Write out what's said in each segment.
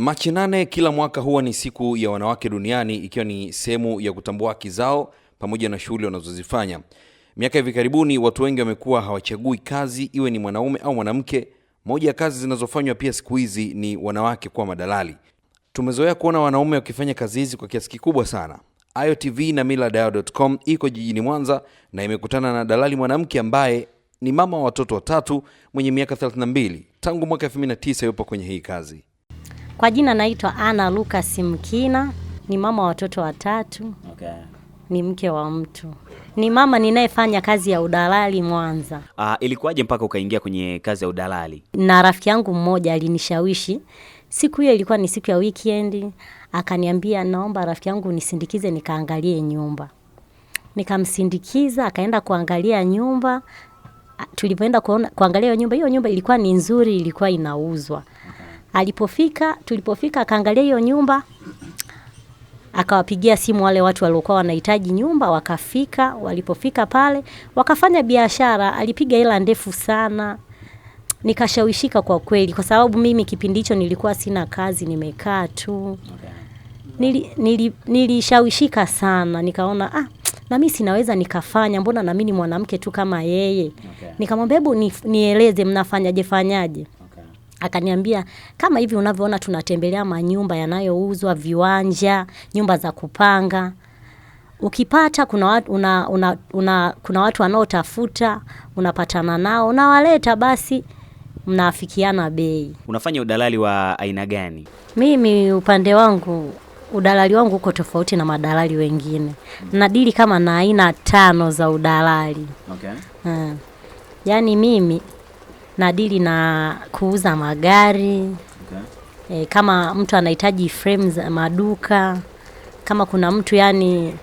Machi nane kila mwaka huwa ni siku ya wanawake duniani, ikiwa ni sehemu ya kutambua haki zao pamoja na shughuli wanazozifanya. Miaka hivi karibuni, watu wengi wamekuwa hawachagui kazi iwe ni mwanaume au mwanamke. Moja ya kazi zinazofanywa pia siku hizi ni wanawake kuwa madalali. Tumezoea kuona wanaume wakifanya kazi hizi kwa kiasi kikubwa sana. IOTV na millardayo.com iko jijini Mwanza na imekutana na dalali mwanamke ambaye ni mama wa watoto watatu mwenye miaka 32. Tangu mwaka 2009 yupo kwenye hii kazi. Kwa jina naitwa Ana Lucas Mkina, ni mama wa watoto watatu. Okay. Ni mke wa mtu, ni mama ninayefanya kazi ya udalali Mwanza. Ah, ilikuwaje mpaka ukaingia kwenye kazi ya udalali? Na rafiki yangu mmoja alinishawishi siku hiyo ilikuwa ni siku ya weekend, akaniambia naomba rafiki yangu nisindikize nikaangalie nyumba. Nikamsindikiza akaenda kuangalia nyumba. Tulipoenda kuona kuangalia nyumba, hiyo nyumba ilikuwa ni nzuri, ilikuwa inauzwa. Alipofika, tulipofika akaangalia hiyo nyumba, akawapigia simu wale watu waliokuwa wanahitaji nyumba, wakafika. Walipofika pale wakafanya biashara, alipiga hela ndefu sana. Nikashawishika kwa kweli, kwa sababu mimi kipindi hicho nilikuwa sina kazi, nimekaa tu. Nili, nili, nilishawishika sana, nikaona ah, na mimi sinaweza nikafanya, mbona na mimi ni mwanamke tu kama yeye. Okay. Nikamwambia hebu nieleze mnafanyaje fanyaje akaniambia kama hivi unavyoona tunatembelea manyumba yanayouzwa viwanja, nyumba za kupanga. Ukipata kuna watu, una, una, una, kuna watu wanaotafuta unapatana nao nawaleta, basi mnaafikiana bei. Unafanya udalali wa aina gani? Mimi upande wangu udalali wangu uko tofauti na madalali wengine. Nadili kama na aina tano za udalali. Okay. Hmm. Yaani mimi nadili na kuuza magari okay. E, kama mtu anahitaji frames maduka, kama kuna mtu yani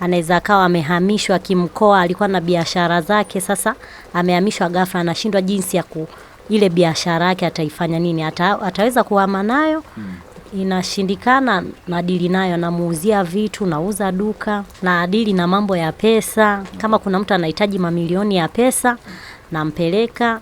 anaweza akawa amehamishwa kimkoa, alikuwa na biashara zake, sasa amehamishwa ghafla, anashindwa jinsi ya ku ile biashara yake ataifanya nini, ata, ataweza kuhama nayo hmm. Inashindikana, nadili nayo, namuuzia vitu, nauza duka, naadili na mambo ya pesa. Kama kuna mtu anahitaji mamilioni ya pesa, nampeleka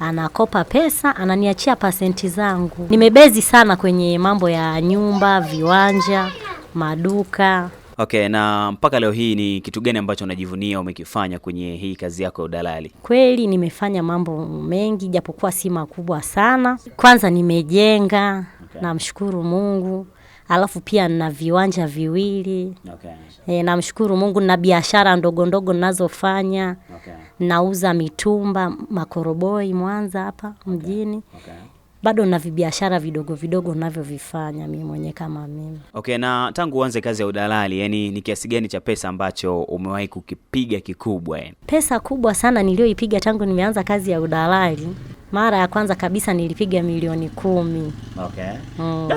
anakopa pesa ananiachia pasenti zangu. Nimebezi sana kwenye mambo ya nyumba, viwanja, maduka. Okay, na mpaka leo hii ni kitu gani ambacho unajivunia umekifanya kwenye hii kazi yako ya udalali? Kweli nimefanya mambo mengi japokuwa si makubwa sana. Kwanza nimejenga, okay. Namshukuru Mungu alafu pia nina viwanja viwili okay. E, namshukuru Mungu na biashara ndogo ndogo ninazofanya okay nauza mitumba makoroboi Mwanza hapa mjini okay. Okay. Bado na vibiashara vidogo vidogo navyovifanya mimi mwenye kama mimi. Okay, na tangu uanze kazi ya udalali, yani ni kiasi gani cha pesa ambacho umewahi kukipiga kikubwa? Yani pesa kubwa sana niliyoipiga tangu nimeanza kazi ya udalali mara ya kwanza kabisa nilipiga milioni kumi. Okay. Mm.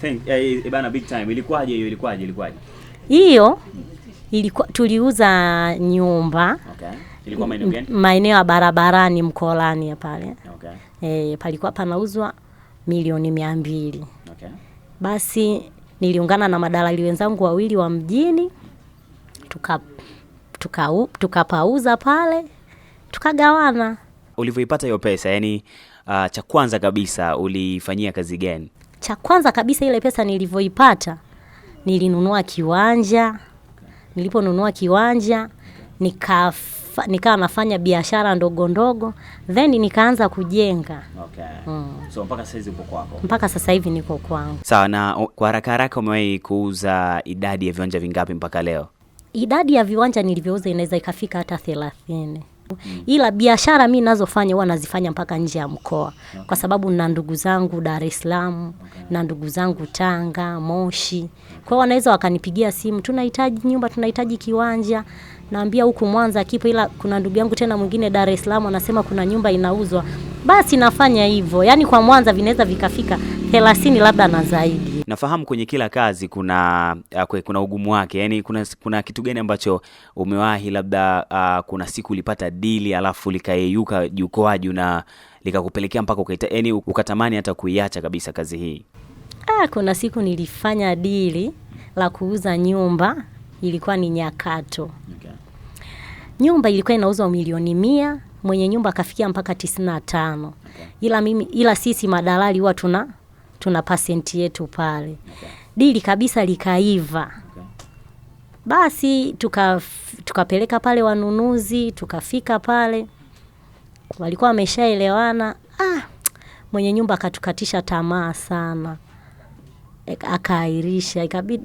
think, eh, eh big time. Ilikuwaje hiyo? Ilikuwaje? Ilikuwaje? Hiyo mm. ilikuwa tuliuza nyumba. Okay. Ilikuwa maeneo gani? Maeneo ya barabarani Mkolani pale. Okay. Eh, palikuwa panauzwa milioni mia mbili. Okay. Basi niliungana na madalali wenzangu wawili wa mjini tuka tukapauza tuka pale tukagawana. Ulivyoipata hiyo pesa, yani uh, cha kwanza kabisa ulifanyia kazi gani? Cha kwanza kabisa ile pesa nilivyoipata, nilinunua kiwanja. Niliponunua kiwanja nika nikawa nafanya biashara ndogo ndogo then nikaanza kujenga. Okay. Mm. So mpaka sasa hivi uko kwako? Mpaka sasa hivi niko kwangu. Sawa. Na kwa haraka haraka umewahi kuuza idadi ya viwanja vingapi mpaka leo? Idadi ya viwanja nilivyouza inaweza ikafika hata thelathini. Mm. ila biashara mi nazofanya huwa nazifanya mpaka nje ya mkoa, kwa sababu na ndugu zangu Dar es Salaam na ndugu zangu Tanga, Moshi, kwao wanaweza wakanipigia simu, tunahitaji nyumba, tunahitaji kiwanja. Naambia huku Mwanza kipo, ila kuna ndugu yangu tena mwingine Dar es Salaam anasema kuna nyumba inauzwa, basi nafanya hivyo. Yani kwa Mwanza vinaweza vikafika 30 labda na zaidi. Nafahamu kwenye kila kazi kuna uh, kuna ugumu wake, yani kuna, kuna kitu gani ambacho umewahi labda, uh, kuna siku ulipata dili alafu likayeyuka jukoaju na likakupelekea mpaka ukaita, yani ukatamani hata kuiacha kabisa kazi hii? Ah, kuna siku nilifanya dili la kuuza nyumba, ilikuwa ni Nyakato. Okay. Nyumba ilikuwa inauzwa milioni mia, mwenye nyumba akafikia mpaka tisini na tano. Okay. Ila mimi ila sisi madalali huwa tuna tuna pasenti yetu pale okay. Dili kabisa likaiva okay. Basi tuka tukapeleka pale wanunuzi, tukafika pale walikuwa wameshaelewana. Ah, mwenye nyumba akatukatisha tamaa sana, akaairisha ikabidi